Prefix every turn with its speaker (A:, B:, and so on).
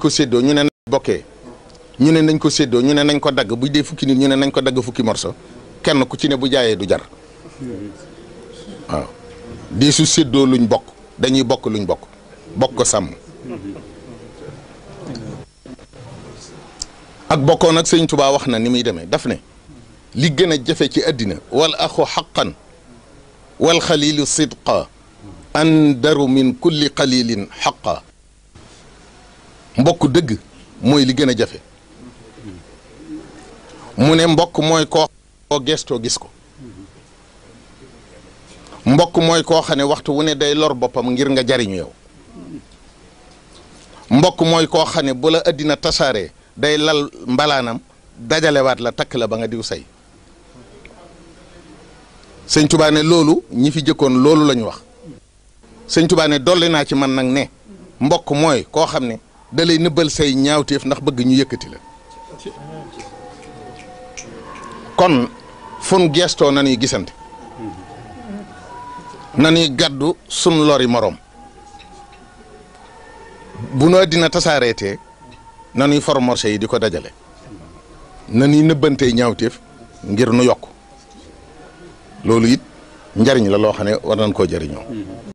A: ko séddoo ñu ne nañ ñu ne nañ ko séddoo ñu ne nañ ko dagg bu dee fukki nit ñu ne nañ ko dagg fukki morso kenn ku ci ne bu jaayee du jar waaw dee su séddoo luñ bokk dañuy bokk luñ bokk bokk ko sàmm ak bokkoon ak sëñ Tuubaa wax na ni muy demee daf ne li gën a jafe ci àddina wal axu xaqan wal xalilu sidqa andaru min kulli qalilin xaqa mbokk dëgg mooy li gën a jafe mu ne mbokk mooy koo koo gestoo gis ko mbokk mooy koo xam ne waxtu wu ne day lor boppam ngir nga jariñu yow mbokk mooy koo xam ne bu la àddina tasaaree day lal mbalaanam dajalewaat la takk la ba nga diw say sëñ Tuubaa loolu ñi fi jëkkoon loolu lañu wax sëñ Tuubaa ne dolli naa ci man nag ne mbokk mooy koo xam ne da lay nëbbal say ñaawteef ndax bëgg ñu yëkkati la kon fun geestoo na ñuy gisante na ñuy gàddu sun lori moroom bu nu àddina tasaareetee na ñuy for morse yi di ko dajale na ñuy nëbbantee ñaawteef
B: ngir nu yokk loolu it njariñ la loo xam ne war nañ koo jariñoo